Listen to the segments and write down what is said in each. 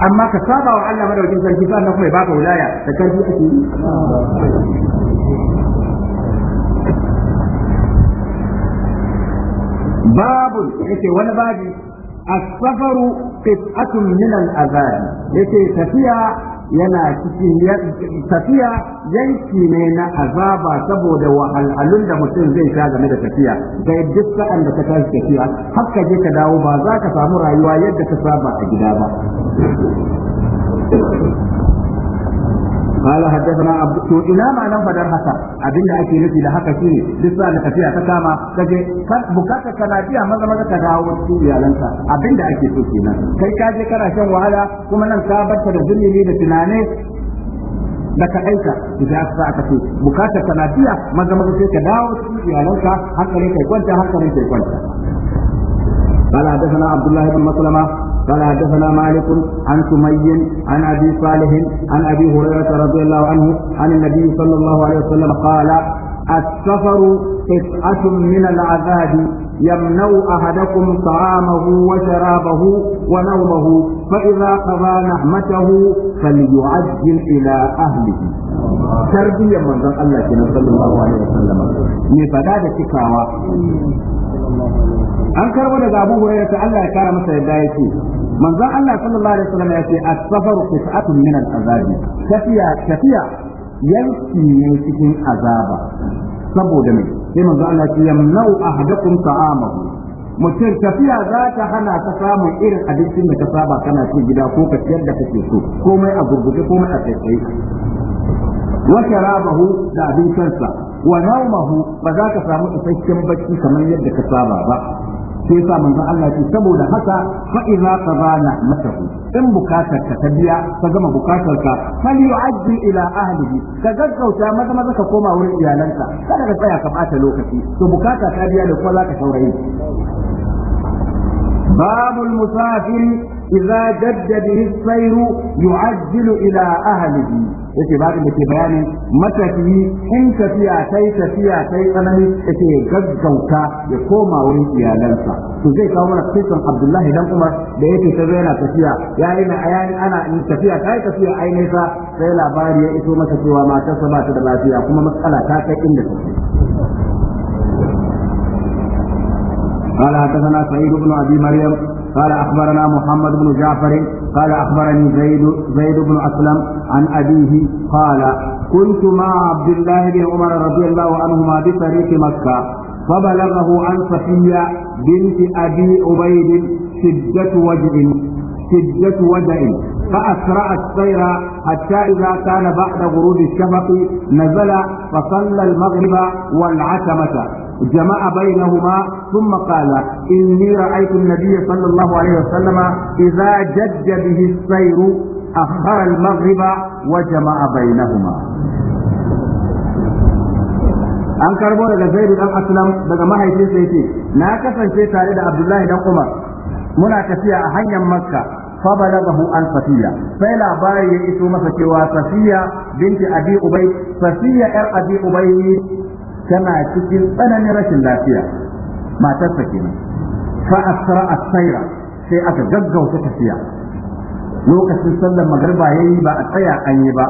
amma ka saba wa Allah madaukin sarki sannan kuma ya baka wilaya da karfi ake yi babu yake wani babi as-safaru qit'atun min al-azab yake tafiya yana cikin tafiya yanki ne na azaba saboda wa wahalhalun da mutum zai sha game da tafiya dai duk sa'an da ka tashi tafiya har ka je ka dawo ba za ka samu rayuwa yadda ka saba a gida ba قال حدثنا عبد تو ina ma'anan faɗar haka abinda ake nufi da haka shine duk da tafiya ta kama kaje bukata kana biya maza maza ka dawo su iyalanka abinda ake so kenan kai ka je kana shan wahala kuma nan sabarta da zulmi da tunane da ka aika idan aka aka ce bukatar kana biya maza maza dawo su iyalanka قال حدثنا عبد الله بن قال حدثنا مالك عن سمي عن ابي صالح عن ابي هريره رضي الله عنه عن النبي صلى الله عليه وسلم قال السفر قطعة من العذاب يمنع أحدكم طعامه وشرابه ونومه فإذا قضى نعمته فليعجل إلى أهله تربية من ذن الله صلى الله عليه وسلم لفدادة كاوة an karbo daga Abu Hurairah ta Allah ya kara masa yadda yake manzon Allah sallallahu alaihi wasallam ya ce as-safaru tafiya tafiya yanki ne cikin azaba saboda mai, sai manzo Allah ya yamna'u ahadakum ta'amahu mutum tafiya za ta hana ka samun irin abincin da ka saba kana cikin gida ko ka ciyar da kake so komai a gurguje komai a tsaye wa sharabahu da abincinsa wa naumahu ba za ka samu isasshen bacci kamar yadda ka saba ba sai yasa manzon Allah ce saboda haka fa idza qada na'matahu in bukatar ka ta biya ka gama bukatar ka fal yu'addi ila ahlihi ka gaggauta maza maza ka koma wurin iyalanka kada ka tsaya ka bata lokaci to bukata ta biya da kuma zaka saurayi babul musafir idza jadda bihi sayru yu'ajjilu ila ahlihi yake babin da ke bayanin matafiyi in tafiya sai tafiya sai tsanani yake gaggauta ya koma wurin iyalansa to zai kawo mana kisan Abdullahi dan Umar da yake sai yana tafiya yayi na yayi ana tafiya sai tafiya ai nesa sai labari ya iso masa cewa matarsa ba ta da lafiya kuma matsala ta kai inda take قال حدثنا سعيد بن ابي مريم قال أخبرنا محمد بن جعفر قال أخبرني زيد زيد بن أسلم عن أبيه قال كنت مع عبد الله بن عمر رضي الله عنهما بطريق مكة فبلغه عن صفية بنت أبي عبيد شدة وجع شدة وجع فأسرع السير حتى إذا كان بعد غروب الشفق نزل فصلى المغرب والعتمة جمع بينهما ثم قال إني رأيت النبي صلى الله عليه وسلم إذا جد به السير أخر المغرب وجمع بينهما an karbo daga zaidu dan aslam daga mahaifinsa yace na kasance tare da abdullahi dan umar muna tafiya a hanyar makka fa balagahu an safiya sai labari ya iso masa cewa safiya binti abi ubay safiya yar abi ubay tana cikin tsananin rashin lafiya matarsa kenan fa asra as sai aka gaggauta tafiya lokacin sallar magriba yayi ba a tsaya an yi ba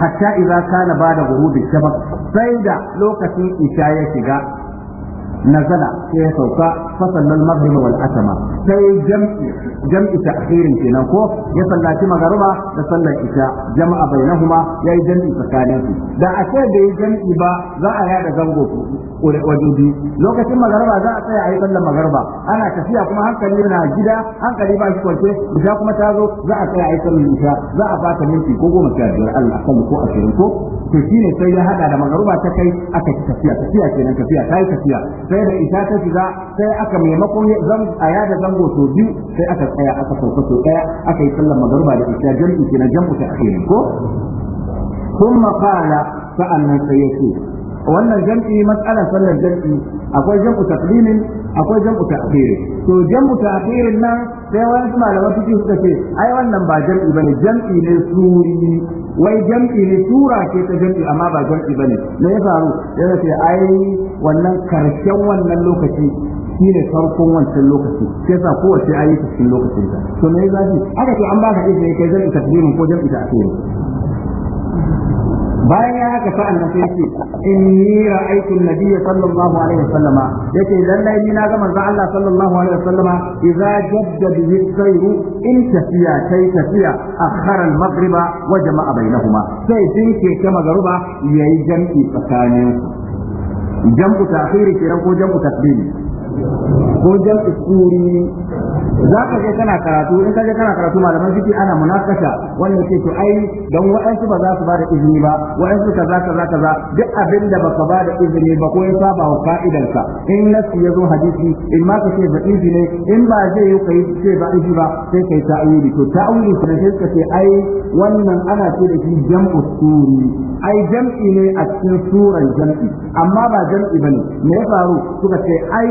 hatta idza kana bada ghurubi shabab sai da lokacin isha ya shiga nazala sai ya sauka فصلى المغرب والعشاء سي جمع جمع تأخير كنا كو يصلى كما غربا يصلى العشاء جمع بينهما يا جمع سكانين دا أشياء دا جمع با ذا أيا دا زنغو وجودي لو كتم مغربا ذا أشياء أي صلى مغربا أنا كفيا كما هنكلي نا جدا هنكلي با شكو كي بشا كما تازو ذا أشياء أي صلى العشاء ذا أفاك منتي كوكو مشاهدر الأقل كو أشيرين كو تشيني سيدا هذا دا مغربا تكي أكي تفيا تفيا كينا تفيا تاي تفيا سيدا إشاء تفيا سيدا haka maimakon a yada zango so biyu sai aka tsaya aka sauka so daya aka yi sallar magariba da isha jam'i kina jam'u ta ake ko kuma qala sa'annan sai yake wannan jam'i matsalar sallar jam'i akwai jam'u taqdimin akwai jam'u ta'khiri to jam'u ta'khirin nan sai wani malaman fiqh suka ce ai wannan ba jam'i bane jam'i ne suri wai jam'i ne tura ce ta jam'i amma ba jam'i bane me ya faru yana ce ai wannan karshen wannan lokaci Shi ne farkon wancan lokaci sai sa kowace ayi ta cikin lokacin ta to me zafi aka ce an baka izini kai zan ita tilimin ko zan ita asiri bayan ya haka sa'an nan sai ce inni ra'aytu an-nabiy sallallahu alaihi wasallama yace lallai ni na ga manzo Allah sallallahu alaihi wasallama idza jadda bihi sayru in tafiya kai tafiya akhara al-maghriba wa jama'a bainahuma sai ke ta magruba yayi jam'i tsakanin jam'u ta'khiri kenan ko jam'u taqdimi ko jam'i suri za ka je kana karatu in ka je kana karatu malaman fiki ana munakasha wannan ce to ai dan wa'ansu ba za su ba da izini ba wa'ansu kaza kaza kaza duk abin da baka ba da izini ba ko ya saba wa ka'idan in nasu ya zo hadisi in ma ka ce ne in ba zai yi kai ce da'ifi ba sai kai ta'awili to ta'awili sai sai ka ce ai wannan ana ce da shi jam'u suri ai jam'i ne a cikin suran jam'i amma ba jam'i bane me ya faru suka ce ai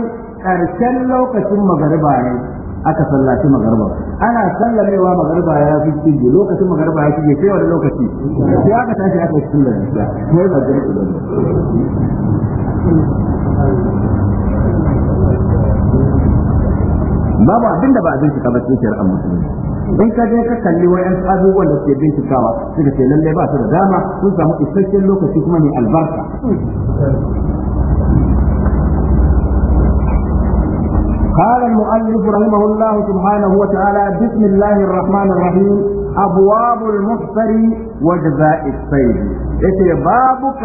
ƙarshen lokacin magariba ne aka sallaci magariba ana sallamewa magariba ya fi cije lokacin magariba ya cije sai wani lokaci sai aka tashi aka yi sallar isha ko ba ne. babu abin da ba a bincika ba cikin shari'ar musulmi in ka je ka kalli wa wayan abubuwan da suke bincikawa suka ce lallai ba su da dama sun samu isasshen lokaci kuma ne albarka قال المؤلف رحمه الله سبحانه وتعالى بسم الله الرحمن الرحيم أبواب المحصر وجزاء السيد إيه بابك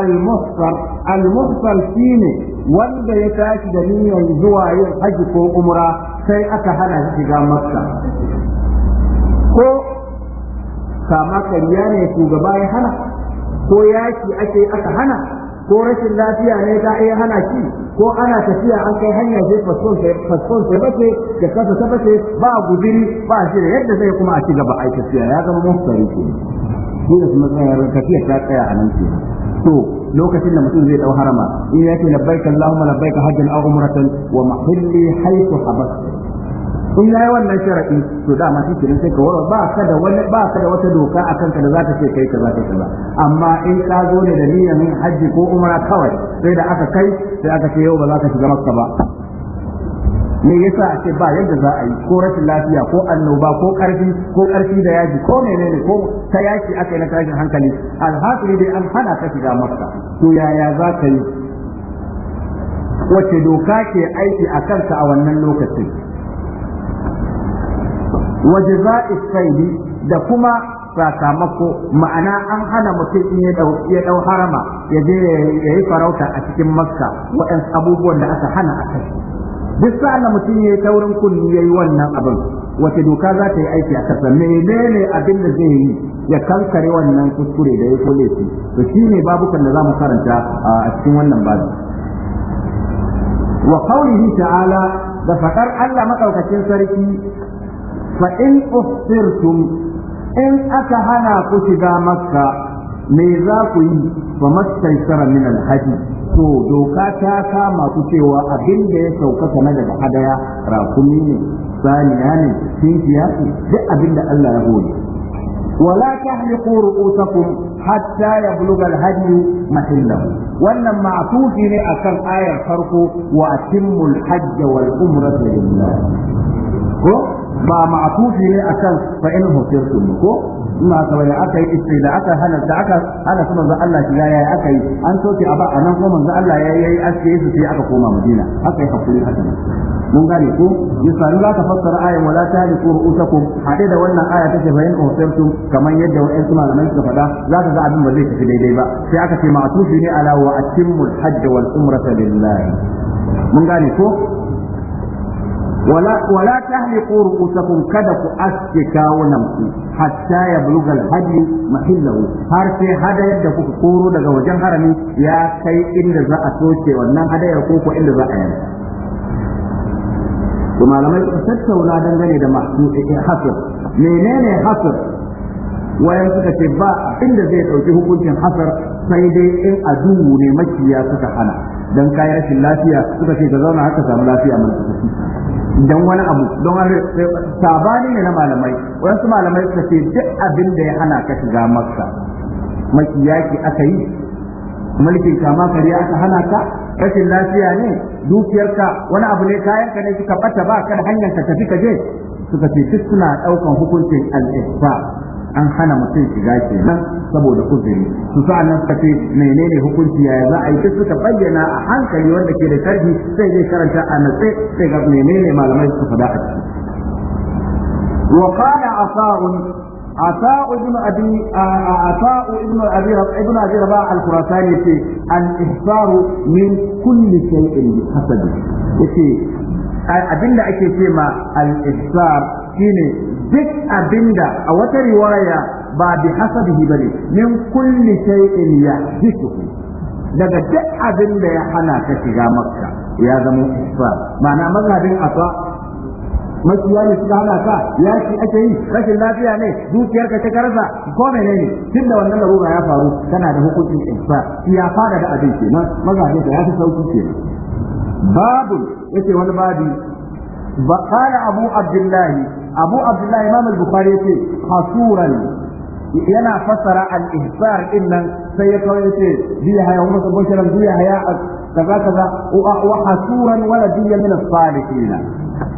المحصر المحصر شيني wanda ya tashi da niyyar zuwa yin haji ko umra sai aka hana shiga makka ko kama kariya ne shugaba ya hana ko yaki ake aka hana ko rashin lafiya ne ta iya hana ki. ko ana tafiya an kai hanya sai fasfon sai fasfon sai bace ya kasa ta bace ba gudiri ba shi da yadda zai kuma a ci gaba a tafiya ya zama mafsari ke ko. da kuma tsayar tafiya ta tsaya a nan ke to lokacin da mutum zai dau harama in yake labbaika allahumma labbaika hajjan aw umratan wa mahalli haythu habasta in yayi wannan sharadi to dama shi kenan sai ka warwa ba ka da wani ba ka da wata doka a ka da za ta ce kai za ta kaza amma in ka zo ne da niyyar yin hajji ko umra kawai sai da aka kai sai aka ce yau ba za ka shiga makka ba me yasa a ce ba yadda za a yi ko rashin lafiya ko annoba ko karfi ko karfi da yaji ko menene ko ta yaki aka yi na tashin hankali alhasiri dai an hana ka shiga makka to yaya za ka yi wace doka ke aiki a kanka a wannan lokacin Waje jaza'i da kuma sakamako ma'ana an hana mutum in ya dau harama ya je ya yi farauta a cikin makka waɗansu abubuwan da aka hana a kai duk sa'an mutum ya yi taurin kunni ya yi wannan abin wace doka za ta yi aiki a kasa menene abin da zai yi ya kankare wannan kuskure da ya kule shi to shine babukan da za mu karanta a cikin wannan babu wa qawlihi ta'ala da fadar Allah madaukakin sarki fa in ufsirtum in aka hana ku shiga makka me za ku yi fa alhaji to doka ta kama ku cewa abin da ya sauka na daga hadaya rakumi ne saniya ne tinkiya ne duk abin da Allah ya hore ولا تحلقوا hatta حتى يبلغ الهدي محله wannan ma'tufi ne akan ayar farko wa atimul hajj wal umrata lillah ko ba ma'afufi ne akan fa in hufirtum ko ina ga wani aka yi isri da aka halatta aka hana su manzo Allah shi yayi aka yi an soke a ba anan ko manzo Allah yayi yayi aske su sai aka koma Madina aka yi hakuri haka mun gane ko misali za ka fassara aya wala tahliku ru'usakum hade da wannan aya take fa in hufirtum kamar yadda wa'in su malamai suka faɗa za ka ga abin ba zai tafi daidai ba sai aka ce ma'afufi ne ala wa atimmul hajj wal umrata lillahi mun gane ko wala wala tahliqu ru'usakum kada ku aske kawo ku hatta ya bulugal hadi mahillahu har sai hadayar da kuka koro daga wajen harami ya kai inda za a soke wannan hadayar ko ko inda za a yanka to malamai suka tattauna dangane da hasir menene hasir wayan suka ce ba inda zai ɗauki hukuncin hasar sai dai in aduwu ne makiya suka hana don kayan rashin lafiya suka ce ka zauna haka samu lafiya mana Idan wani abu don sabani ne na malamai wasu malamai su ce duk abin da ya hana ka shiga makka makiyaki aka yi mulkin kama kariya aka hana ka rashin lafiya ne dukiyarka wani abu ne kayanka ne suka bata ba kada da hanyar ka tafi ka je suka ce duk suna daukan hukuncin al ihsan an hana mutum shiga kenan saboda uzuri su sa'annan suka ce menene hukunci yaya za a yi duk suka bayyana a hankali wanda ke da sharhi sai zai karanta a natse sai ga menene malamai su faɗa a ciki وقال عطاء عطاء ابن ابي عطاء ابن ابي al ابي رباح الخراساني يقول الاحصار من كل شيء بحسبه يقول abinda ake ce ma al-ihsar shine duk abinda a wata riwaya ba bi hasabihi bane min kulli shay'in yahdithu daga duk abinda ya hana ka shiga makka ya zama kufa ma'ana mazhabin afa makiya ne suka hana ka ya shi ake yi rashin lafiya ne dukiyar ka ta karza ko menene tun da wannan larura ya faru kana da hukuncin kufa ya fara da abin nan mazhabin ya fi sauki ke babu yace wani babi قال أبو عبد الله abu abdullahi imam al-bukhari yace hasuran yana fassara al-ihsar din nan sai ya kawai yace bi haya umma sabon bi haya kaza kaza wa hasuran waladiyya min as-salihin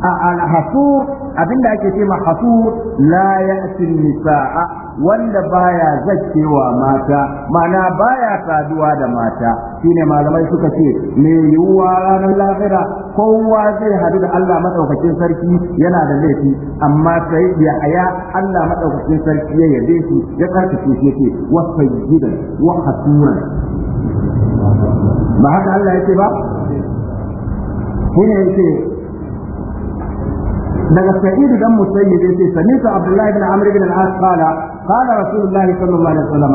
al-hasur abinda ake ce ma hasur la ya'ti an-nisaa wanda baya zakkewa mata mana baya saduwa da mata shine malamai suka ce me yiwuwa ranar lahira kowa zai hadu da Allah madaukakin sarki yana da laifi amma sai ya aya Allah madaukakin sarki ya yabe shi ya karkace shi yake wa sayyidan wa hasuran ba haka Allah yake ba kuma yake daga sa'id dan musayyib yace sami'tu abdullahi bin amr bin al-as qala qala rasulullahi sallallahu alaihi wasallam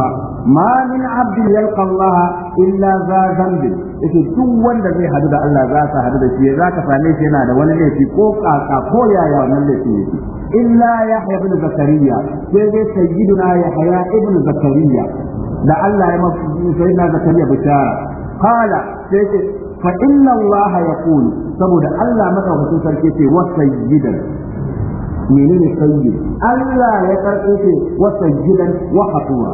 ma min abdin yalqa allah illa za dhanbi yace duk wanda zai hadu da Allah za ka hadu da shi za ka same shi yana da wani laifi ko kaka ko yaya wannan laifi yake illa yahya ibn zakariya sai dai sayyiduna yahya ibn zakariya da Allah ya mafi sayyidina zakariya bishara qala sai fa inna allaha yaqulu saboda Allah madaukakin sarki ce wa sayyidan menene sayyid Allah ya karɓo ce wa sayyidan wa hatura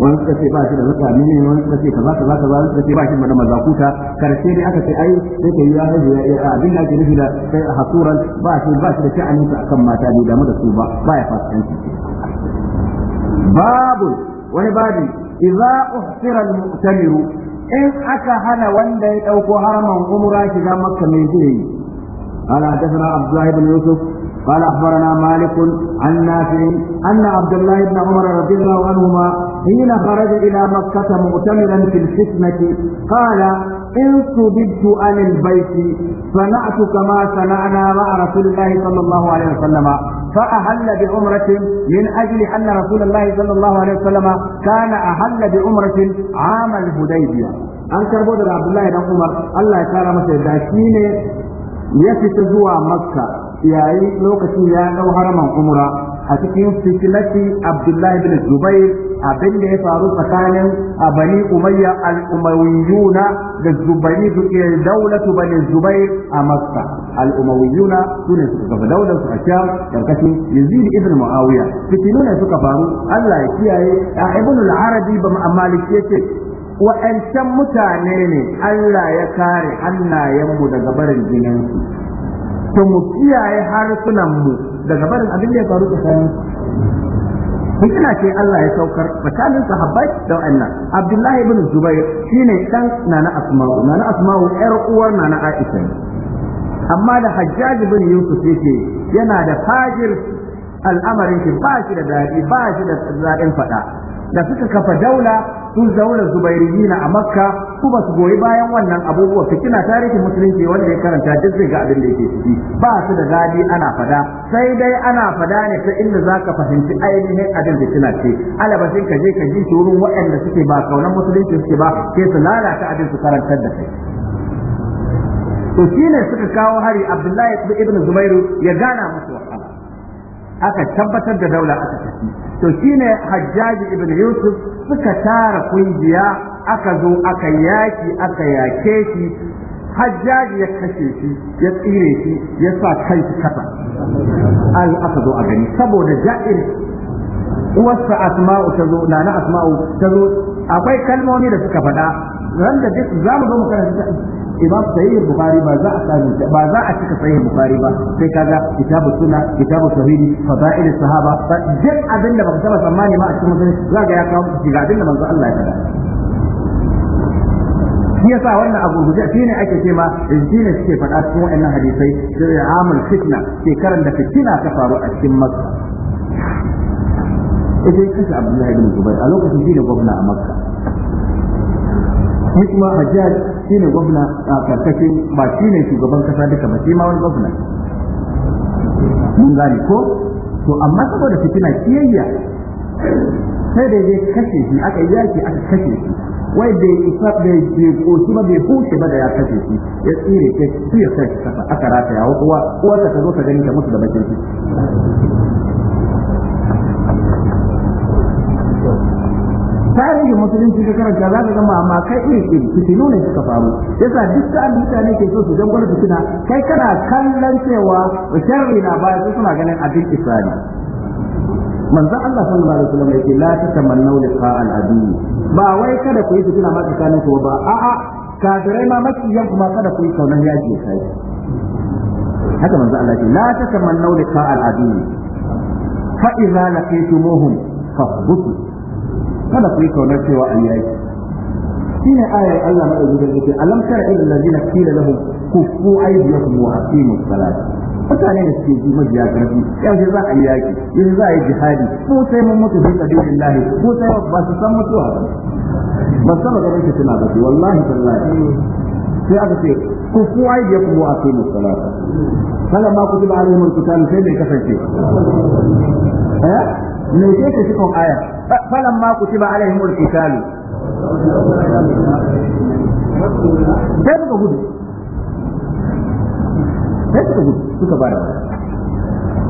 wani suka ce ba shi da mutane ne wani suka ce kaza kaza kaza wani suka ce ba shi da mazakuta karshe ne aka ce ai sai ka ya haihu ya abin da ake nufi da sai hasuran ba shi ba shi da sha'aninsa a kan mata bai damu da su ba ba ya fasikanci babu wani babu idza uhsira al-mu'tamiru in aka hana wanda ya ɗauko haraman umra shiga makka mai zai yi قال حدثنا عبد الله بن يوسف قال اخبرنا مالك عن نافع ان عبد الله بن عمر رضي الله عنهما حين خرج الى مكه مؤتمرا في الفتنه قال إن صببت عن البيت صنعت كما صنعنا مع رسول الله صلى الله عليه وسلم فأهل بعمرة من أجل أن رسول الله صلى الله عليه وسلم كان أهل بعمرة عام الهديبية أن كربو عبد الله بن عمر الله يكرمه masa shine ya fita zuwa makka yayi lokacin ya dau haraman umra a cikin fitilati abdullahi bin zubair abin da ya faru tsakanin a bani umayya al'umawiyuna da zubari da daulatu bani zubair a masta al'umawiyuna su sune suka gaba daular su a sha karkashin yazid ibn muawiya fitilu ne suka faru Allah ya kiyaye ibn al-arabi ba maliki yace wa'ancan mutane ne Allah ya kare hannayenmu daga barin jininsu to mu kiyaye harsunanmu daga barin abin da ya faru tsakanin hikima ce Allah ya saukar tsakanin sahabbai da wannan Abdullahi ibn Zubair shine dan nana Asma'u nana Asma'u yar uwar nana Aisha amma da Hajjaj ibn Yusuf yake yana da fajir al'amarin shi ba shi da dadi ba shi da zaɗin faɗa da suka kafa daula sun zaura zubairiyina a makka su ba su goyi bayan wannan abubuwa kina tarihin musulunci wanda ya karanta duk zai ga abin da yake ciki ba su da gadi ana fada sai dai ana fada ne ta inda za ka fahimci ainihin abin kina ce alabashin ka je ka ji shi wurin waɗanda suke ba kaunan musulunci suke ba ke su lalata abin su karantar da kai to ne suka kawo hari abdullahi ibn zubairu ya gana musu wahala aka tabbatar da daula aka tafi to shine hajjaji ibn yusuf suka tara kungiya aka zo aka yaki aka yake shi hajjaji ya kashe shi ya tsire shi ya sa kai shi kafa an aka zo a gani saboda ja'ir uwarsa asma'u ta zo nana asma'u ta zo akwai kalmomi da suka faɗa ran da duk za zo mu karanta imam sahih bukhari ba za a samu ba za a cika sahih bukhari ba sai kaga kitabu sunna kitabu tauhid fadail sahaba duk abin da baka taba tsammani ma a cikin musulunci za ga ya kawo ga abin da manzo Allah ya faɗa shi yasa wannan abu guje shi ne ake ce ma shi ne suke faɗa cikin waɗannan hadisai sai amul fitna shekaran da fitina ta faru a cikin makka ita ya kashe abdullahi bin zubair a lokacin shi ne gwamna a makka shi kuma hajjaj ne gwamna a karkashin ba ne shugaban kasa duka ba shi ma wani gwamna mun gane ko to amma saboda fitina kiyayya sai da zai kashe shi aka yi yaki aka kashe shi wai ya isa bai bai ba bai huce ba da ya kashe shi ya tsire ke su ya kai kasa aka rataya wa uwa uwa ta zo ta gani ta mutu da bakin shi tarihin musulunci ka karanta za ka gama amma kai iri iri fitilu ne suka faru yasa duk da sa'an mutane ke so su jangwar fitina kai kana kallon cewa sharri na baya su suna ganin abin isani manzon Allah sallallahu alaihi wasallam yake la tatamannu liqa al-adu ba wai kada ku yi fitina ma tsakanin ku ba a'a kafirai ma makiyan kuma kada ku yi kaunan yaki kai haka manzo Allah ce la tatamannu liqa al-adu fa idza laqitumuhum fasbutu kada ku yi kaunar cewa an yayi shine ayar Allah madaukakin yake alam tara ila allazina qila lahum kuffu aydiyakum wa aqimus salat mutane da suke ji majiya karfi yanzu za a yi yaki yanzu za a yi jihadi ko sai mun mutu fi sabilillahi ko sai ba su san mutuwa ba ba san ba gaban tana ba wallahi tallahi sai aka ce kuffu aydiyakum wa aqimus salat kala ma kutiba alaihimul qital sai bai kasance eh me yake cikin aya? falamma kutiba alaihimul qitalu sai suka gudu sai suka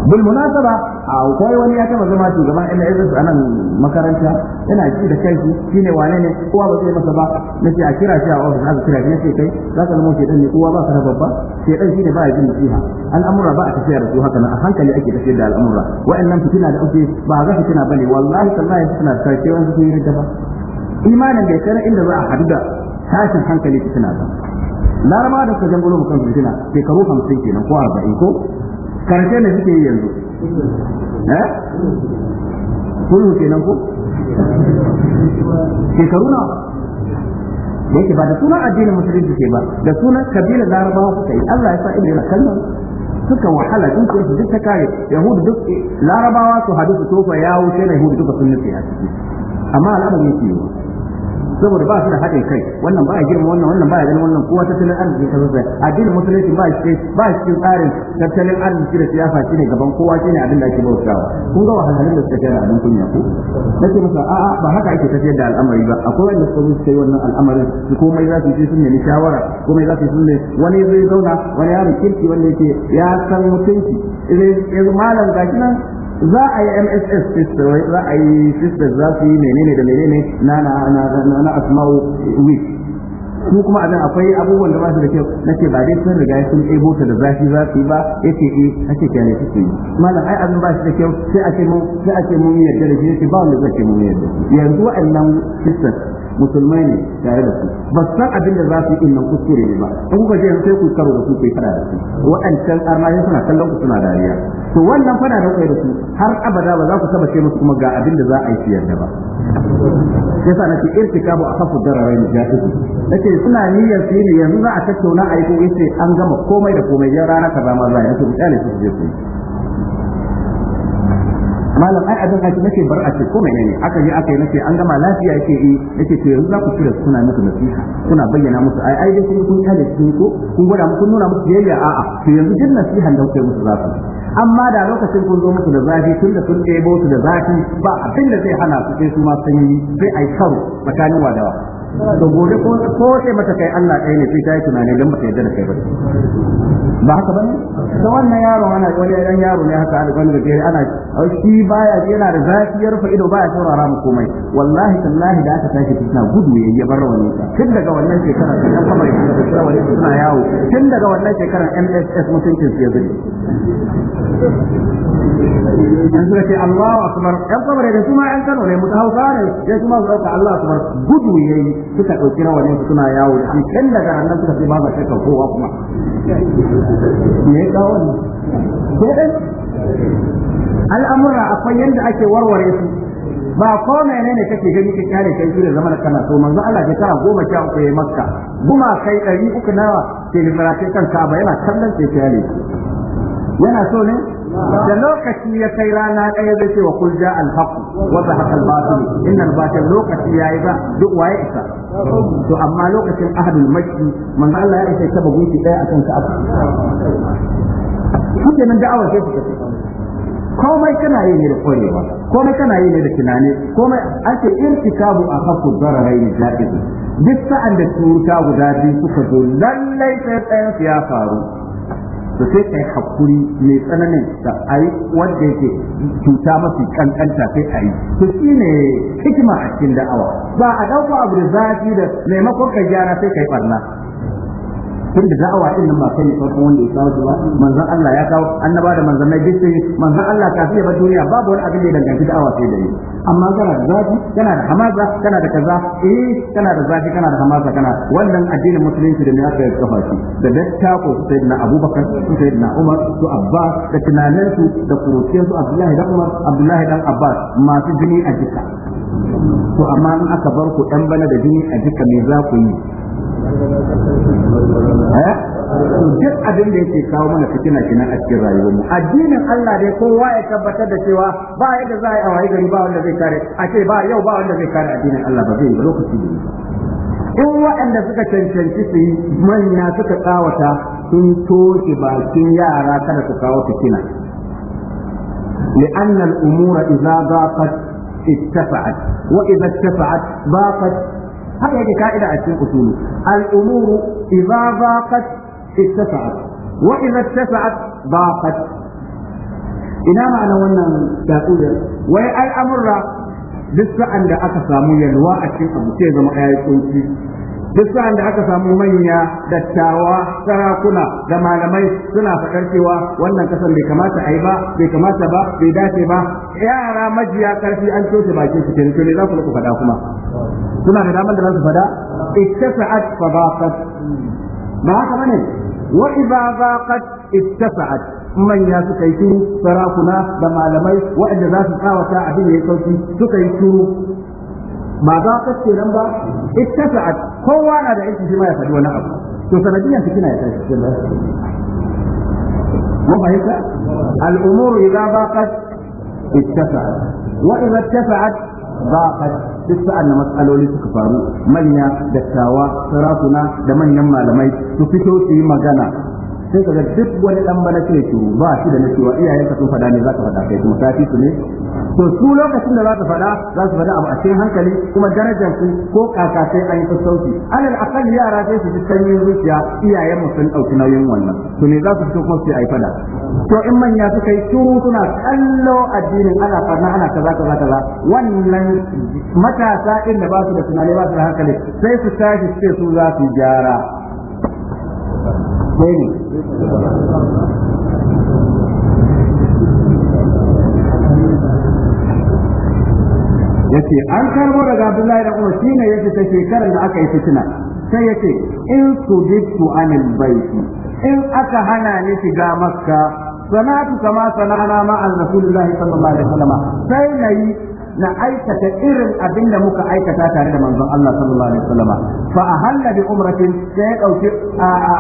gudu a wani ya taba zama shugaban NSS a nan makaranta yana ji da kai ne wane ne kowa ba zai masa ba na ce a kira shi a office aka kira shi ce kai za ka zama shedan ne kowa ba ka babba shedan ne ba ya jin nasiha al'amura ba a tafiya da su haka nan a hankali ake tafiya da al'amura wa'annan fitina da ake ba ga fitina ne, wallahi tallahi fitina da kai wani su yi ba imanin bai kai inda za a hadu da tashin hankali fitina ba larama da suka jangulo mukan fitina shekaru hamsin kenan ko arba'in ko karshe ne suke yi yanzu eh kullu kenan ko shekaru nawa yake ba da sunan addinin musulunci ke ba da sunan kabilar larabawa suka yi Allah ya sa ibn kalman suka wahala din su duk ta kare yahudu duk larabawa su hadu su tofa yawo sai yahudu duka sun a ciki amma al'amari yake yi saboda ba su da haɗin kai wannan ba ya girma wannan wannan ba ya ganin wannan kowa tattalin arziki ta a addinin musulunci ba shi ba cikin tsarin tattalin arziki da siyasa shine gaban kowa shine abin da ake bautawa kun ga wahalhalun da suka kai abin kunya ko ce masa a a ba haka ake tafiyar da al'amari ba akwai wanda suka suka sai wannan al'amarin su komai za su yi sun nemi shawara komai za su sun ne wani zai zauna wani ya kirki wanda yake ya san mutunci malam gashi nan za a yi mss system za a yi system za su yi menene da menene na na na na na asma'u week su kuma abin akwai abubuwan da ba su da kyau na ce ba dai sun riga sun ebo ta da zafi za su yi ba ya ce eh a ce su yi malam ai abin ba shi da kyau sai a ce mun sai a ce mun yarda da shi ba wanda zai ke mun yadda yanzu wa'annan system musulmai ne tare da su ba san abin da za su yi nan kuskure ne ba in kuka je sai ku karo da su ku yi fada da su waɗancan armayin suna kallon ku suna dariya to wannan fada da kai da su har abada ba za ku taba ce musu kuma ga abin da za a yi siyar da ba yasa nake irtikabu akhafu dararain jahiz nake suna niyyar su ne yanzu za a tattauna a yi ko yace an gama komai da komai ya rana ka ma za a yi nake misali su je su yi malam ai abin ake nake bar a ce ko ne, aka je aka yi nake an gama lafiya yake yi nake to yanzu za ku cire suna musu nasiha kuna bayyana musu ai ai dai kun kare kale ko kun gwada musu nuna musu yayya a'a to yanzu duk nasihan da kuke musu za su amma da lokacin kun zo musu da zafi tun da sun ɗebo su da zafi ba abin da zai hana su sai su ma sanyi sai ai karo tsakanin wadawa to gobe ko ko sai mata kai Allah ɗaya ne sai ta yi tunani dan baka yarda da kai ba ba haka bane to wannan yaro ana wani dan yaro ne haka da wani da ana shi baya yana da zafiyar fa ido baya saurara mu komai wallahi tallahi da aka tashi fitna gudu ya yi bar wani tun daga wannan shekara sai dan kamar da shekara wani suna yawo tun daga wannan shekarar MSS mutuncin su ya zuri yanzu da ce Allahu akbar dan kamar da su ma an kano ne mutahausa ne sai kuma su dauka Allahu akbar gudu yayi suka ɗauki rawani suna yawo da shi kan daga annan suka ce ba za shakka kowa kuma me ya kawo ne al'amura akwai yadda ake warware su ba ko ne kake gani ka kare kai shi da zaman kana so manzo Allah ya kara goma sha uku yayi makka guma kai ɗari uku nawa ke liberace kan Ka'aba yana kallon sai ya yana so ne da lokaci ya kai rana ɗaya zai ce wa kul ja al haqq wa zahaqa al batil inna al batil lokaci yayi ba duk waye isa to amma lokacin ahadul masjid manzo Allah ya isa ta yake ɗaya akan ka abu kuke nan da'awa sai ku komai kana yi ne da ƙwarewa komai kana yi ne da tunani komai ake irtikabu a haku zararai ne duk sa'an da turuta guda biyu suka zo lallai sai su ya faru to sai kai hakuri mai tsananin da ai wanda yake cuta mafi kankanta sai ai to shine hikima a cikin da'awa ba a dauko abu da zafi da maimakon ka gyara sai kai barna tun da da'awa din nan ba kai farkon wanda ya kawo zuwa, manzon Allah ya kawo annaba da manzon na dukkan manzon Allah tafi ya bar duniya babu wani abin da ya danganci da'awa sai da ni amma kana da zafi kana da hamaza, kana da kaza eh kana da zafi kana da hamaza, kana wannan addinin musulunci da ne aka yi kafa shi da dattako sai na Abubakar sai Umar su Abbas da tunanin su da kuruciyar su Abdullahi dan Umar Abdullahi dan Abbas masu jini a jika to amma in aka bar ku dan bana da jini a jika me za ku yi Eh? duk abin da yake kawo mana fitina kenan a cikin rayuwar mu addinin Allah dai kowa ya tabbatar da cewa ba yadda za a yi a wayi gari ba wanda zai kare a ce ba yau ba wanda zai kare addinin Allah ba zai yi lokaci da in waɗanda suka cancanci su yi manya suka tsawata sun toshe bakin yara kada su kawo fitina لأن الأمور إذا ضاقت اتسعت وإذا اتسعت ضاقت haka yake ka'ida a cikin usulu al-umuru idza baqat ittasa'at wa idza ittasa'at baqat ina ma'ana wannan ta'udar wai al'amurra duk sa'an da aka samu yalwa a cikin abu sai zama ya yi duk sa'an da aka samu manya dattawa sarakuna da malamai suna faɗar cewa wannan kasan bai kamata a yi ba bai kamata ba bai dace ba yara majiya karfi an toshe bakin su kenan to ne za ku ku faɗa kuma suna da damar da za su faɗa ittasa'at fa baqat ba haka bane wa idza baqat ittasa'at manya suka yi shiru sarakuna da malamai waɗanda za su tsawata abin da ya sauki suka yi shiru ba za ka ce nan ba ittasa'at kowa na da yanki shi ma ya faɗi wani abu to sanadiyan fitina ya tashi cikin mun fahimta al'umuru idza baqat ittasa'at wa idza ittasa'at baqat duk sa'an matsaloli suka faru manya dattawa sarakuna da manyan malamai su fito su yi magana sai kaga duk wani dan bana ce ba shi da nacewa iyayenka sun fada ne zaka fada kai kuma kafi su ne to su lokacin da za su faɗa za su faɗa abu a cikin hankali kuma darajar su ko kaka sai an yi sassauci alal akalli yara sai su ji sanyin zuciya iyayen mu sun ɗauki nauyin wannan to ne za su fito kuma su yi faɗa to in manya suka yi turu suna kallo addinin ana farna ana kaza kaza kaza wannan matasa inda da ba su da tunani ba su da hankali sai su tashi sai su za su gyara yace an karbo daga Abdullahi da Umar shine ya fita shekarar da aka yi fitina sai yace in subittu anil baiti in aka hana ni shiga makka sanatu kama sanana ma an rasulullahi sallallahu alaihi wasallam sai nayi na aikata irin abin da muka aikata tare da manzon Allah sallallahu alaihi wasallam fa ahalla bi umratin sai ya dauki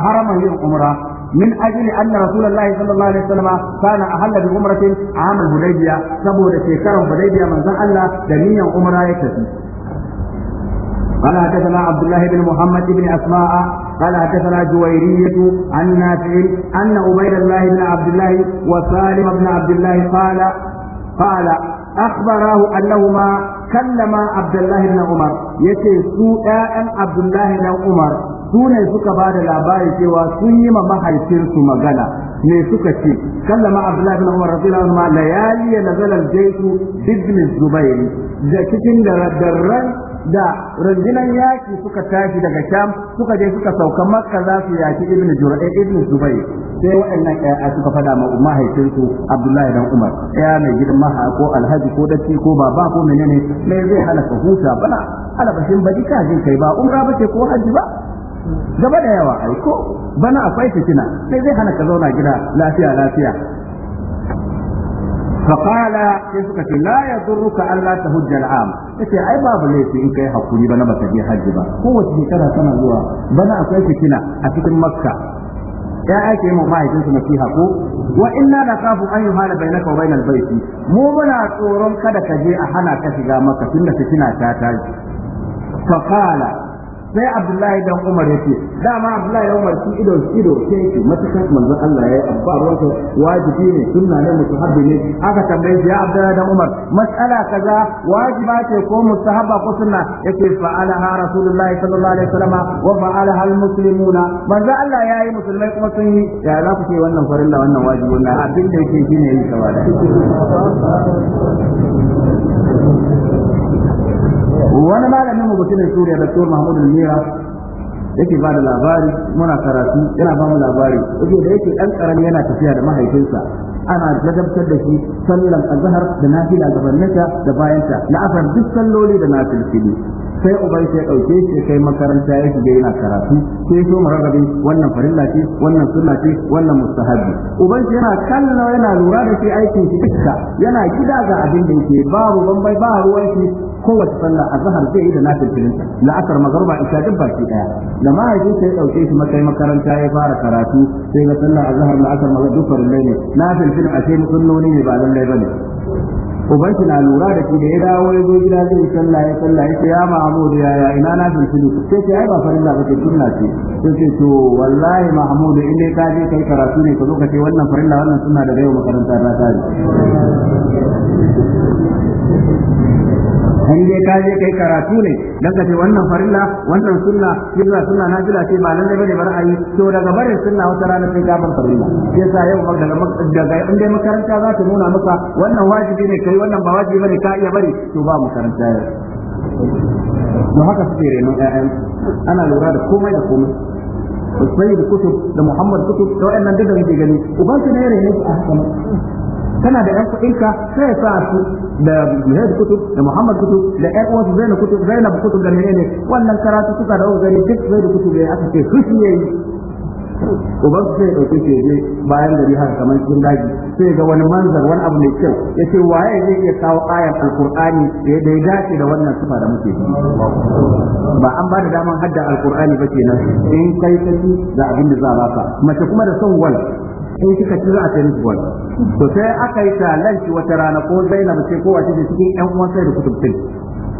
haraman yin umra من أجل أن رسول الله صلى الله عليه وسلم كان أهل بعمرة عام الهديبية سبو لشيكرا هديبية من زعل دنيا عمرة يكتفي قال حدثنا عبد الله بن محمد بن أسماء قال حدثنا جويرية عن نافع أن عبيد الله بن عبد الله وسالم بن عبد الله قال قال أخبراه أنهما كلما عبد الله بن عمر يتي سوء عبد الله بن عمر su ne suka ba da labari cewa sun yi ma mahaifinsu magana ne suka ce kallama abdullahi bin umar radiyallahu anhu yali ya nazala aljaysu ibn zubayr da cikin da ran da rundunan yaki suka tashi daga sham suka je suka sauka makka za su yaki ibn jura'i eh, ibn zubayr sai waɗannan ƴaƴa suka fada ma mahaifinsu abdullahi bin umar ya mai gidan maha ko alhaji ko datti ko baba ko menene mai zai halaka huta bana alabashin baji ka kai ba umra bace ko haji ba gaba da yawa aiko bana akwai fitina sai zai hana ka zauna gida lafiya lafiya فقال كيفك لا ta hujjar تهج العام ce ai babu laifi in ka yi hakuri bana baka je hajji ba kowace shekara tana zuwa bana akwai fitina a cikin makka ya ake mu mahaifinsu masiha ko wa na kafin an yuhala bainaka wa bainal baiti mu muna tsoron kada ka je a hana ka shiga tun da fitina ta tashi fa sai abdullahi dan umar yake dama abdullahi dan umar shi ido ido sai yake matakan manzon Allah yayi abba ruwansa wajibi ne sunna ne mustahabbi ne aka tambaye shi ya abdullahi dan umar mas'ala kaza wajiba ce ko mustahabba ko sunna yake fa'alaha rasulullahi sallallahu alaihi wasallam wa al muslimuna manzon Allah yayi musulmai kuma sun yi ya za ku ce wannan farilla wannan wajibi wannan abin da yake shine yin kawai wani malamin mutumin suriya da tsohon mahmud mira yake ba da labari muna karatu yana ba mu labari yake da yake ɗan ƙarami yana tafiya da mahaifinsa ana ladabtar da shi sallan azhar da nafila gabaninta da bayanta la'afar duk salloli da na nafilfili sai ubai sai dauke shi kai makaranta ya shiga yana karatu sai so rarrabe wannan farilla ce wannan sunna ce wannan mustahabi uban shi yana kallon yana lura da shi aikin shi duka yana gida ga abin da yake babu bambai ba ruwan shi kowace sallah azhar zai yi da nafil filinsa la'asar magruba isha duk baki daya da mahaifin sai dauke shi makai makaranta ya fara karatu sai ga sallah azhar la'asar magruba duk farillai ne nafil filin ashe sunnoni ne ba lallai bane uban shi na lura da shi da ya dawo ya zo gida zai yi sallah ya sallah ya ce ya mahmud ya ya ina na filin? sai ce ai ba farin ba ce sunna ce sai ce to wallahi mahmud in dai ka je kai karatu ne ka zo ka ce wannan farin wannan sunna da yau makaranta ta tare in dai ka je kai karatu ne dan ka ce wannan farilla wannan sunna kibla sunna nafila ce ba lalle bane bar ayi to daga barin sunna wata rana sai ka bar farilla sai sa yau daga daga in dai makaranta za ta nuna maka wannan wajibi ne kai wannan ba wajibi bane ka iya bari to ba makaranta yau don haka suke renon ƴaƴan ana lura da komai da komai Usman da Kutub da Muhammad Kutub da waɗannan da muke gani uban su ne rene su a haka kana da yan kuɗinka sai sa su da Muhammad Kutub da Muhammad Kutub da ƴan uwansu Zainab Kutub Zainab Kutub da menene wannan karatu suka da gari duk Zainab Kutub ya aka ce su shi yayi uban su sai dauke ke je bayan gari har kamar cikin daji sai ga wani manzar wani abu mai kyau ya ce waye zai iya kawo ayar alkur'ani da ya dace da wannan sifa da muke ba an ba da daman hadda alkur'ani ba kenan in kai kaci da abin da za a baka mace kuma da son wal in kika ci a kai miki gwal to sai aka yi talanci wata rana ko Zainab ce ko wace ce cikin ƴan uwan sai da kutubtin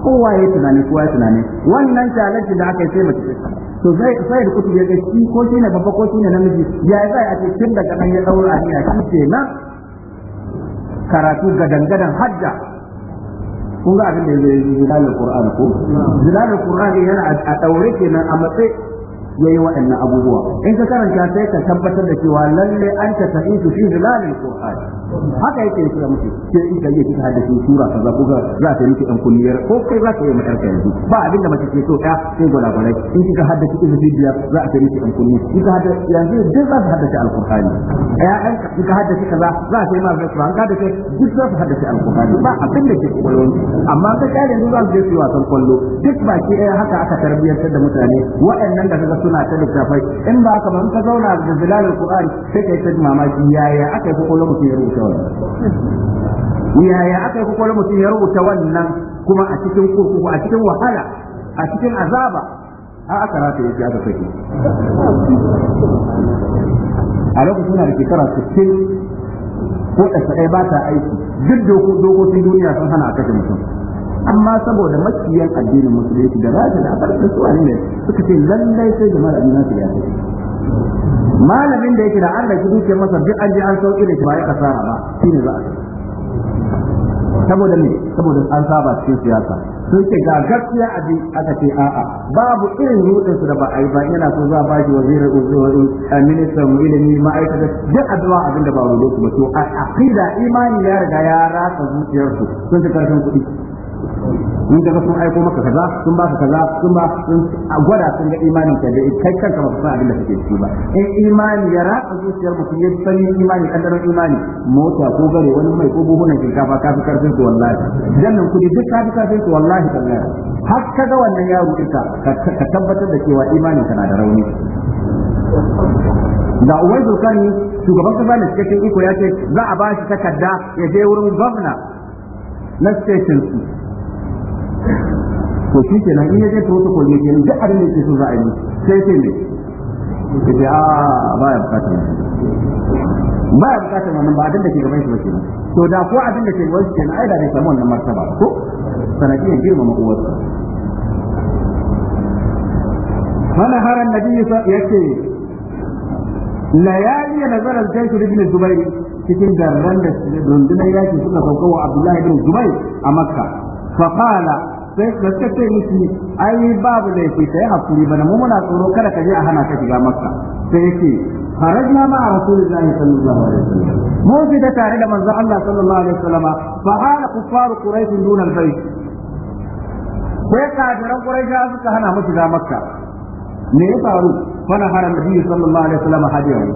kowa ya tunani kowa ya tunani wannan talanci da aka yi sai mace to zai sai da kutub ya ga shi ko shi ne babba ko shi ne namiji ya za a ce tun daga nan ya daura a cikin shi kenan karatu gadan-gadan hajja kun ga abin da ya zo zilalul ko zilalul qur'an yana a daure kenan a matsayi yayi waɗannan abubuwa in ka karanta sai ka tabbatar da cewa lalle an ta ta'isu fi hilalil qur'an haka yake ya da muke sai in ka yi yake haddace sura kaza ko ga za ta miki dan kunniyar ko kai za ka yi mai yanzu ba abin da mace ke so ɗaya sai gwada gwada in kika haddace izu biya za a ta miki dan kunni in ka haddace yanzu duk za su haddace alqur'ani ƴaƴan in ka haddace kaza za a ta yi ma zai ka haddace duk za su haddace alqur'ani ba abin da ke koyon amma ka kare yanzu za su je su yi wasan kwallo duk baki ɗaya haka aka tarbiyyantar da mutane waɗannan da kaga suna ta littafai in ba haka ba ka zauna da zilalul qur'ani sai kai ta mamaki yaya aka yi kokolon mutum ya rubuta wannan yaya aka yi kokolon mutum ya rubuta wannan kuma a cikin kurkuku a cikin wahala a cikin azaba a aka rata yake aka sake a lokacin da shekara 60 ko da sai ba ta aiki duk dokokin duniya sun hana a kashe mutum amma saboda makiyan addinin musulunci da rajin da farko su ne suka ce lallai sai jama'ar addinin su ya malamin da yake da an daki dukiyar masa duk an je an sauki da shi ba ya kasara ba ne za a saboda ne saboda an saba cikin siyasa sun ce ga gaskiya abi aka ce a'a babu irin rudin su da ba a yi ba yana so za ba shi wazirin a ministan ilimi ma'aikata duk addu'a abin da ba rudo su ba to a aqida imani ya riga ya rasa zuciyarsu sun ci karfin kuɗi in kaga sun aiko maka kaza sun ka kaza sun ba sun gwada sun ga imanin ka da kai kanka ba san abin da kake ciki ba in imani ya ratsa zuciyar mutum ya san imani kaddaron imani mota ko gare wani mai ko buhunan shinkafa ka fi karfin su wallahi jannan kudi duk ka fi karfin su wallahi tallahi har ga wannan yaro ita, ka tabbatar da cewa imanin ka na da rauni da uwai zulkarni shugaban kasa ne cikakken iko ya ce za a ba shi takarda ya je wurin gwamna na station to shi kenan in ya je protocol ne kenan duk abin da ke so za a yi sai sai me kace a baya bukatar baya bukatar wannan ba abin da ke gaban shi ba kenan to da ko abin da ke gaban shi kenan ai da bai samu wannan martaba ko sanadiyan girma uwarsa mana haran nabi yake layali nazar al-jaysh ibn zubayr cikin darran da rundunar yaki suka sauka wa abdullahi ibn zubayr a makka fa qala sai da suka ce musu ai babu da yake sai hakuri bana mu muna tsoro kada ka je a hana ka shiga makka sai yake خرجنا مع رسول الله صلى الله عليه da مو في تاريخ من الله صلى الله عليه وسلم فحال كفار قريش دون البيت sai kafiran Quraisha suka hana mu shiga Makka me ya faru fana haram Nabi sallallahu alaihi wasallam hadiyahu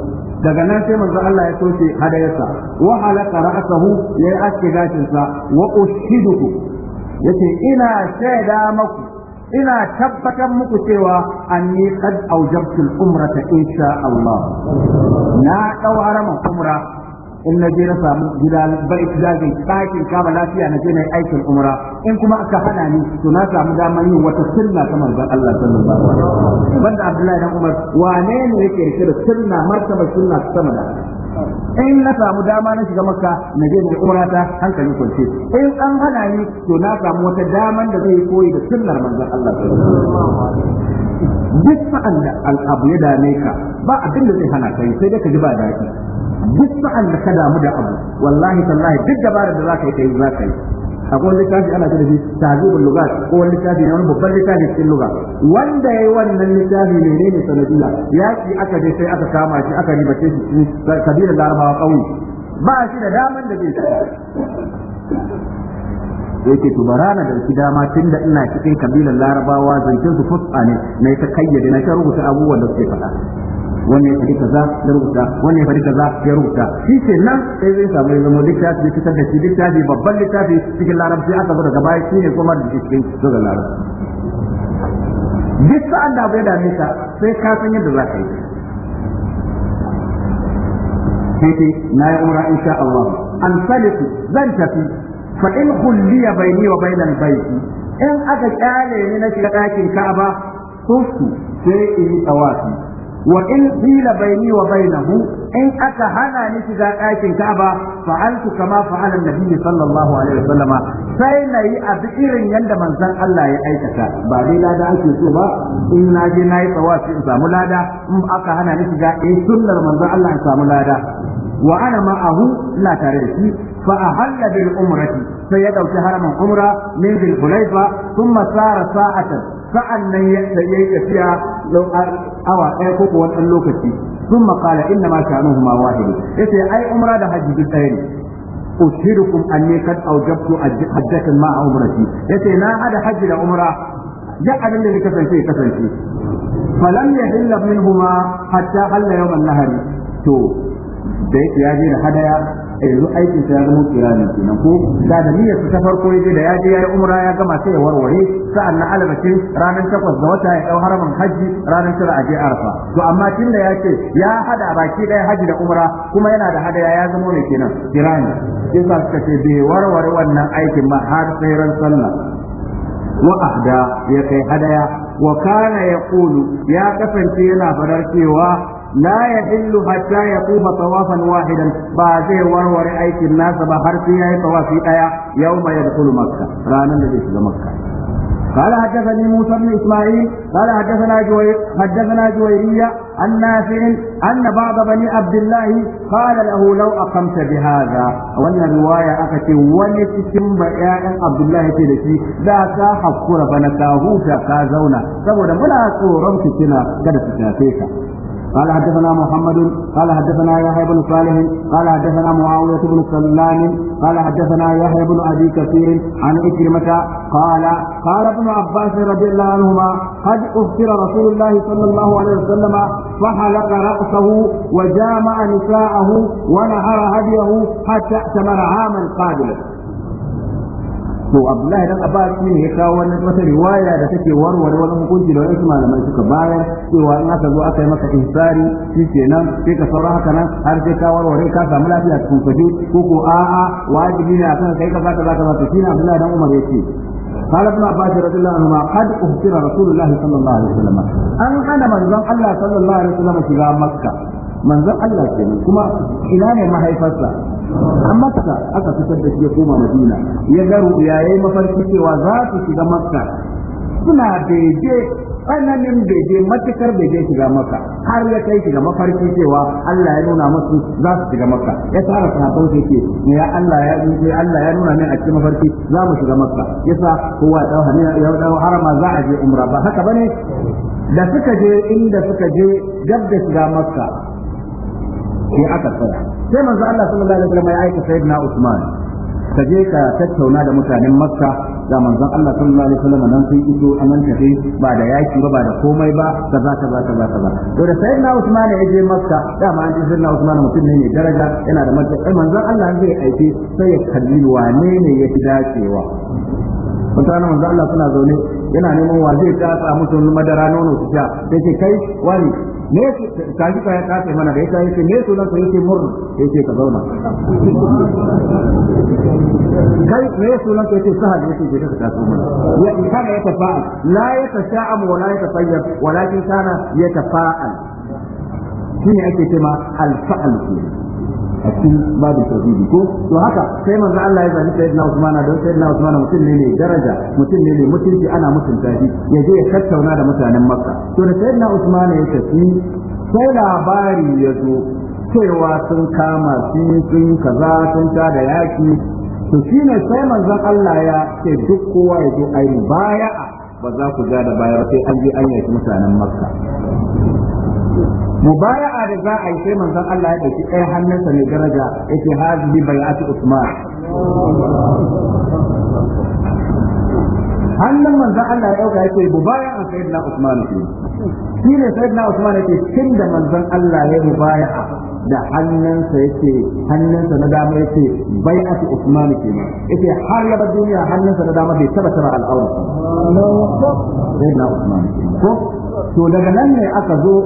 daga nan sai manzo Allah ya toshe hadayarsa wa halaka ra'sahu ya aske gashin sa wa ushiduhu yace ina shaida maku ina tabbatar muku cewa anni qad awjabtu al-umrata insha Allah na dau haramin umra in na je na samu gida bai daji ɗakin kama lafiya na je na aikin umra in kuma aka hana ni to na samu damar yin wata sunna ta manzon Allah sallallahu alaihi wasallam banda Abdullahi dan Umar wane ne yake rike da sunna martaba sunna sama da in na samu dama na shiga makka na je na umra ta hankali kwance in an hana ni to na samu wata daman da zai koyi da sunnar manzon Allah duk sa'an da al'abu ya dame ka ba abin da zai hana ka sai dai ka ji ba daɗi duk sa'an da ka damu da abu wallahi tallahi duk dabarar da za ka yi za ka yi akwai littafi ana cikin tajibul lugat ko wani littafi ne wani babban littafi cikin lugha wanda yayi wannan littafi ne sanadiya ci aka je sai aka kama shi aka ribace shi kabilar larabawa kauye ba shi da daman da zai yake to rana da dauki dama tun da ina cikin kabilar larabawa zancen su fuska ne na ta kayyade na ta rubuta abubuwan da suke faɗa wannan ya faɗi kaza ya rubuta wannan ya faɗi kaza ya rubuta shi ke nan sai zai samu ya zama littafi ya fitar da shi littafi babban littafi cikin larabci aka zo daga baya shi ne kuma da cikin zuwa larabci duk sa'an da abu ya dame ka sai ka san yadda za ka yi sai na yi umra insha Allah an salisu zan tafi fa in kulliya baini wa bainal baiti in aka kyale ni na shiga ɗakin Ka'aba kufu sai in yi tawafi wa in qila bayni bai nahu? in aka hana ni shiga ɗakin Ka'aba fa'altu kama fa'ala an-nabi sallallahu alaihi wasallama sai nayi abu irin yanda manzon Allah ya aikata ba dai lada ake so ba in na je nayi tsawafi in samu lada in aka hana ni shiga eh sunnar manzon Allah in samu lada wa ana ma'ahu ina tare da shi fa ahalla bil umrati sai ya dauki haramin umra min bil ba, sun masara sa'atan sa'an nan ya yi tafiya awa ɗaya ko kuwa ɗan lokaci sun makala inna ma shanu huma wahidu ya ce ai umra da hajji duk ɗaya ne ushirukum anni kad awjabtu hajjatan ma umrati yace na hada hajji da umra duk abin da ya kasance ya kasance falam yahilla minhuma hatta halla yawm an-nahari to da yake ya je da hadaya Eh, yanzu aikin sa ya zama ne kenan ko da niyyar ta farko yaje da yaje yayi umra ya gama sai ya warware sa'an na albakin ranar takwas da wata ya kawo haramin hajji ranar tara aje arfa to amma da ya ce ya hada baki daya haji da umra kuma yana da hadaya ya zama ne kenan ne sai sa suka ce bai warware wannan aikin ma har sai ran sallah wa ahda ya kai hadaya wa kana yaqulu ya kasance yana farar cewa لا يحل حتى يطوف طوافا واحدا بعد ورور أيك الناس بحر فيها طواف آية يوم يدخل مكة رانا الذي في مكة قال حدثني موسى بن اسماعيل قال حدثنا جوير حدثنا جويرية عن نافع ان بعض بني عبد الله قال له لو اقمت بهذا وان الرواية اكت ولتتم يا عبد الله تلكي لا كا حقر فنكاهوك كازونا سبب منا صورم كتنا قد تتافيك قال حدثنا محمد قال حدثنا يحيى بن صالح قال حدثنا معاوية بن سلام قال حدثنا يحيى بن أبي كثير عن إكرمة قال قال ابن عباس رضي الله عنهما قد أفطر رسول الله صلى الله عليه وسلم فحلق رأسه وجامع نساءه ونهر هديه حتى أتمر عاما قادما to abdullahi dan abbas ne ya kawo wannan wata riwaya da take warware wani hukunci da wasu malamai suka bayar cewa in aka zo aka yi maka ihsari shi kenan sai ka saura haka nan har sai ka warware ka samu lafiya cikin kaji ko ko a'a wajibi ne akan kai ka zaka zaka zaka shi ne abdullahi dan umar yake قال ابن عباس رضي الله عنهما قد أهتر رسول الله صلى الله عليه وسلم أن أنا من الله صلى الله عليه وسلم shiga مكة manzon Allah kenan kuma ina ne mahaifarsa A makka aka fitar da shi ya koma madina ya garu yayi mafarki cewa za su shiga makka suna beje tsananin beje matukar beje shiga makka har ya kai shiga mafarki cewa Allah ya nuna musu za su shiga makka ya tsara sahabbai sai ce ya Allah ya nuna Allah ya nuna min a cikin mafarki za mu shiga maka yasa kowa dau ya dau harama za a je umra ba haka bane da suka je inda suka je gab da shiga maka sai aka tsaya sai manzo Allah sallallahu alaihi wasallam ya aika sayyidina Usman ka je ka tattauna da mutanen Makka da manzon Allah sallallahu alaihi wasallam nan sun iso anan tafi ba da yaki ba ba da komai ba za kaza za kaza kaza to da sayyidina Usman ya je Makka da ma an ji sayyidina Usman mutum ne mai daraja yana da matsayi manzon Allah zai aiki sai ya kalli wane ne ya fi dacewa mutanen manzon Allah suna zaune yana neman wa zai ta sa musu madara nono su sha ce kai wani ne kaji ka ya kace mana da yasa yake? ne sunan sai yace murna yace ka zauna kai ne sunan sa yace sahal yace je ka taso mana ya kana yatafa'al la sha'amu, wa la yatafayyab walakin kana yatafa'al shine ake cewa al-fa'al kenan a cikin babu tauhidi ko to haka sai manzo Allah ya zani sayyidina Usman don sayyidina Usman mutum ne mai daraja mutum ne mai mutunci ana mutunta shi ya je ya tattauna da mutanen Makka to da sayyidina Usman ya tafi sai labari ya zo cewa sun kama shi sun kaza sun ta da yaki to shine sai manzon Allah ya ce duk kowa ya zo ayi baya ba za ku ja da baya sai an je an yi mutanen Makka mubaya'a da za a yi sai manzon Allah ya dauki ɗaya hannunsa ne daraja yake hazbi bai'atu Usman hannun manzon Allah ya dauka yake mubaya'a sayyidina Usman ne shi ne sayyidina Usman yake kin da manzon Allah ya mubaya'a da hannunsa yake hannunsa na dama yake bai'atu Usman kenan yake har yaba duniya hannunsa na dama bai taba taba al'aura sayyidina Usman ko to daga nan ne aka zo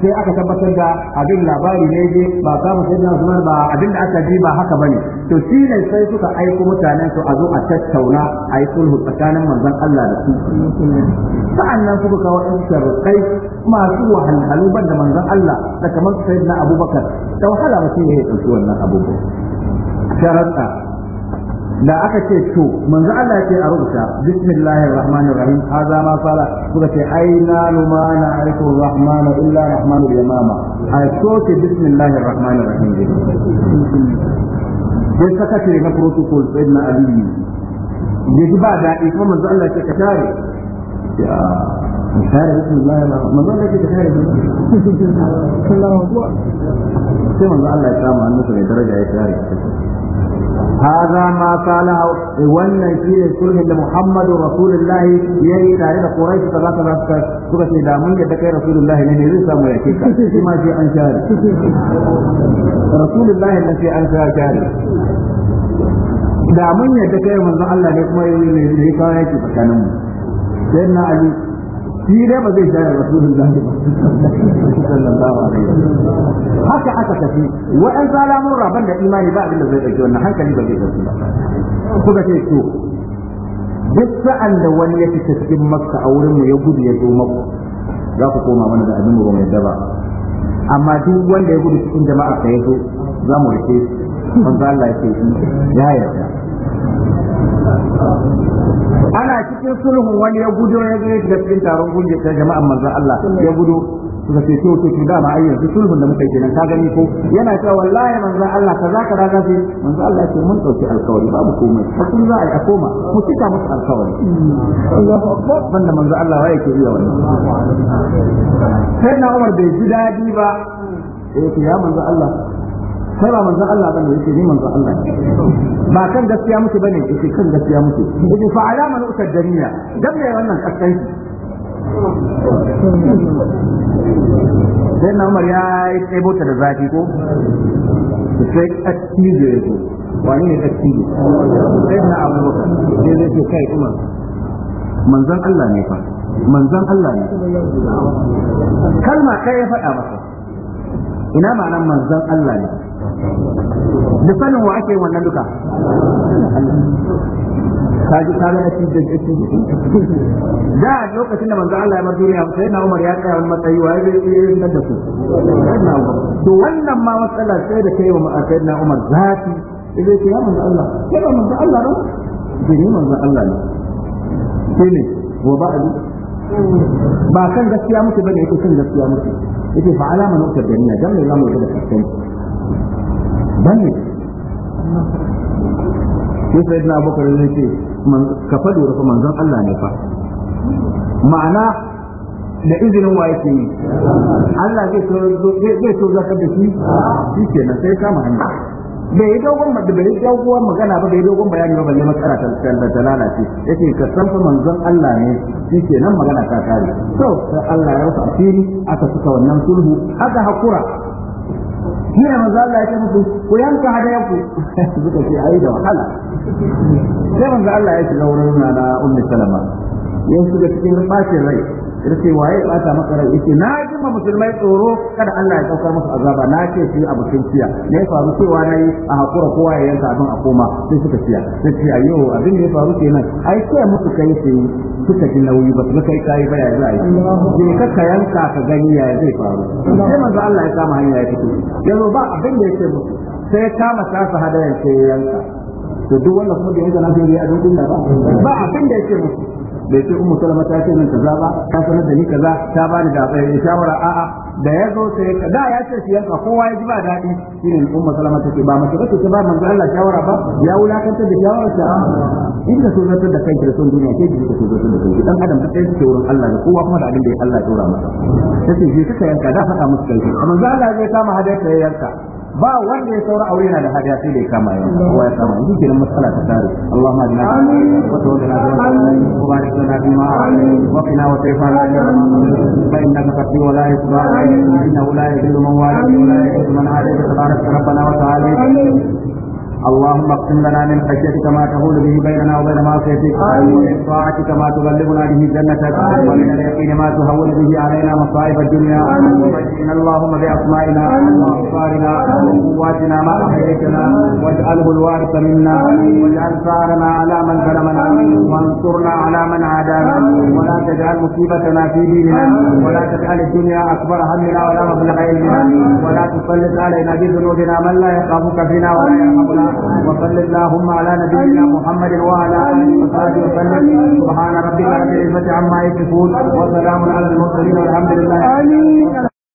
sai aka tabbatar da abin labari ne je ba samu sai na Usman ba abin da aka ji ba haka bane to shi ne sai suka aiko mutanen su a zo a tattauna a yi sulhu tsakanin manzon Allah da su sa'annan suka kawo ɗan sharuɗai masu wahalhalu ban da manzon Allah da kamar sayyidina Abubakar da wahala mutum ya ɗauki wannan abubuwa sharaɗa da aka ce to manzo Allah ya ce a rubuta bismillahir rahmanir rahim haza ma fara ce ai lumana aiku rahman illa rahman yamama ai so ce bismillahir rahmanir rahim sai saka ce na protocol sai na aliyu yaji ba daɗi kuma manzo Allah ya ce ka tare الحارب بسم الله ما ظن لك الحارب الله اكبر كما الله يسامح الناس درجه يا شارع هذا ما قاله وان شيء سلح محمد رسول الله يي تاريخ قريش صلى الله عليه وسلم suka ce da mun yadda kai rasulullahi ne zai samu yake sai an share rasulullahi ne sai an share da mun yadda kai Allah ne kuma ne kawai shi dai ba zai shayar da ba sallallahu ba. haka aka tafi wa'an salamun raban da imani ba abinda zai dauke wannan hankali ba zai dauke ba kuka ce to duk sa'an da wani ya fita cikin makka a wurin mu ya gudu ya zo maku za ku koma mana da abin mu mai ba amma duk wanda ya gudu cikin jama'a ka ya zo za mu rike manzo Allah ya ce ya yarda ana cikin sulhun wani ya gudu ya zo shiga cikin taron gungiyar ta jama'an manzon Allah ya gudu suka ce to to dama ai yanzu sulhun da muka yi kenan ka gani ko yana cewa wallahi manzon Allah za ka raga zai? manzon Allah ce mun dauki alkawari babu komai fa kun za a yi a koma mu cika musu alkawari Allahu akbar banda manzon Allah waye ke iya wannan sai na Umar bai ji dadi ba eh to ya manzon Allah kai ba manzon Allah bane yake ni manzon Allah ba kan gaskiya muke bane yake kan gaskiya muke yake fa alama na utar dariya dan me wannan kaskanci sai na Umar ya yi tsebo ta da zafi ko sai attijo ya zo wani ne attijo sai na Abu Bakar sai zai ce kai Umar manzon Allah ne fa manzon Allah ne kalma kai ya faɗa masa ina ma'anar manzon Allah ne da sanin wa ake wannan duka ji ta ga shi da shi da lokacin da manzo Allah ya bar duniya sai na Umar ya tsaya wani matsayi wa ya yi nan da su to wannan ma matsala sai da kai wa sayyidina Umar zafi sai ce ya manzo Allah kai ba manzo Allah ne dini manzo Allah ne shine wa ba'di ba kan gaskiya muke bane yake kan gaskiya muke yake fa alama nukar daniya dan ne zamu yi da kasance ne sai sai na bakar ne ce ka fa lura manzon Allah ne fa ma'ana da izinin wa yake yi Allah zai so zai so zaka da shi shi kenan sai kama hanya bai dogon da bai dogon magana ba bai dogon bayani ba balle matsala ta ta ta lalace yace ka san fa manzon Allah ne yake nan magana ta kare to sai Allah ya rufa asiri aka suka wannan sulhu aka hakura shi ne manzo Allah ya ce musu ku yanka hadayanku suka ce ai da wahala sai manzo Allah ya shiga wurin na ummi salama ya shiga cikin bacin rai da ce waye ya bata maka rai yake na ji ma musulmai tsoro kada Allah ya saukar musu azaba na ce shi a sun ciya ne ya faru cewa nayi a hakura kowa ya yanka abin a koma sai suka siya. sai ce ayo abin da ya faru kenan ai sai musu kai sai suka ji nauyi ba su kai kai ba ya za yi ne ka yanka ka gani ya zai faru sai manzo Allah ya kama hanya ya fito yanzu ba abin da yake musu sai kama tasa hadayar sai yanka to duk wannan kuma da yanka na sai ya abin kunya ba ba abin da yake musu bai ce ummu salama ta ce min kaza ba ta sanar da ni kaza ta ba da eh, shawara a'a da ya zo sai ka da ya ce shi yanka kowa ya ji ba daɗi shine ummu salama ta ce ba mace ba ta ba manzo Allah shawara ba ya wulakantar da shawara ta inda so zata da kai da son duniya ke ji ka so zata da kai dan adam da kai ke wurin Allah da kowa kuma da abin da Allah ya tura masa sai shi kaka yanka da faɗa musu kai amma Allah zai kama hadar ya yanka ba wanda ya saura aure yana da hadiya sai da kama yau kowa ya kama yanzu kenan matsala ta tare Allahumma ajina wa tawaffana wa barik lana fi ma wa wa man wala man hada tabarak rabbana wa ta'ala اللهم اقسم لنا من خشيتك ما تهول به بيننا وبين معصيتك ومن طاعتك ما تبلغنا به جنتك ومن اليقين ما تهون به علينا مصائب الدنيا ومجئنا اللهم باسمائنا وابصارنا وقواتنا ما احييتنا واجعله الوارث منا واجعل ثارنا على من ظلمنا وانصرنا على من عادانا ولا تجعل مصيبتنا في ديننا ولا تجعل الدنيا اكبر همنا ولا مبلغ علمنا ولا تسلط علينا بذنوبنا من لا يخافك فينا ولا يرحمنا وصل اللهم على نبينا محمد وعلى اله وصحبه وسلم سبحان ربك رب العزه عما يصفون وسلام على المرسلين والحمد لله